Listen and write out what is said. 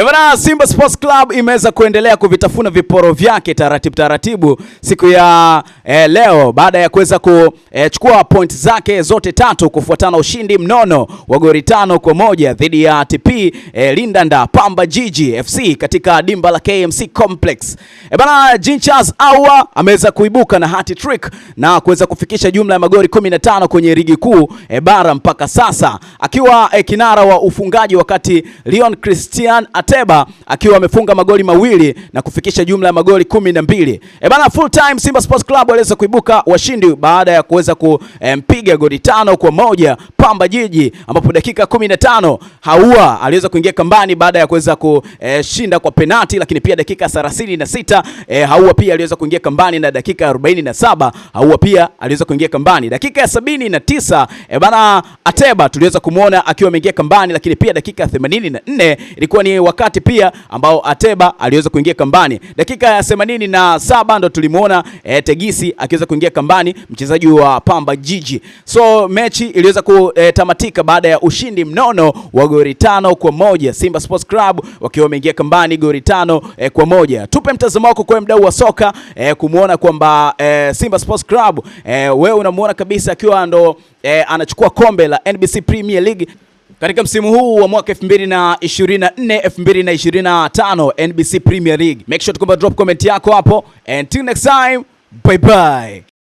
Ebana, eh, Simba Sports Club imeweza kuendelea kuvitafuna viporo vyake taratibu taratibu siku ya e, leo baada ya kuweza kuchukua eh, e, point zake zote tatu kufuatana ushindi mnono wa goli tano kwa moja dhidi ya TP e, Lindanda Pamba Jiji FC katika dimba la KMC Complex. Ebana, Jinchas Awa ameweza kuibuka na hat trick na kuweza kufikisha jumla ya magoli 15 kwenye ligi kuu e, bara mpaka sasa akiwa e, kinara wa ufungaji wakati Leon Christian At Mateba akiwa amefunga magoli mawili na kufikisha jumla ya magoli kumi na mbili. E bana, full time Simba Sports Club waliweza kuibuka washindi baada ya kuweza kumpiga eh, goli tano kwa moja Pamba Jiji, ambapo dakika 15 Haua aliweza kuingia kambani baada ya kuweza kushinda eh, kwa penati, lakini pia dakika 36 e, eh, Haua pia aliweza kuingia kambani na dakika na saba Haua pia aliweza kuingia kambani dakika ya sabini na tisa e, bana Ateba tuliweza kumwona akiwa ameingia kambani, lakini pia dakika 84 ilikuwa ni wakati pia ambao Ateba aliweza kuingia kambani. Dakika ya saba ndo tulimuona e, Tegisi akiweza kuingia kambani, mchezaji wa Pamba Jiji. So mechi iliweza kutamatika eh, baada ya ushindi mnono wa goli tano kwa moja. Simba Sports Club wakiwa wameingia kambani goli tano e, kwa moja. Tupe mtazamo wako kwa mdau wa soka e, kumuona kwamba e, Simba Sports Club e, wewe unamuona kabisa akiwa ndo e, anachukua kombe la NBC Premier League. Katika msimu huu wa mwaka 2024 2025 NBC Premier League. Make sure to drop comment yako hapo. Until next time, bye bye.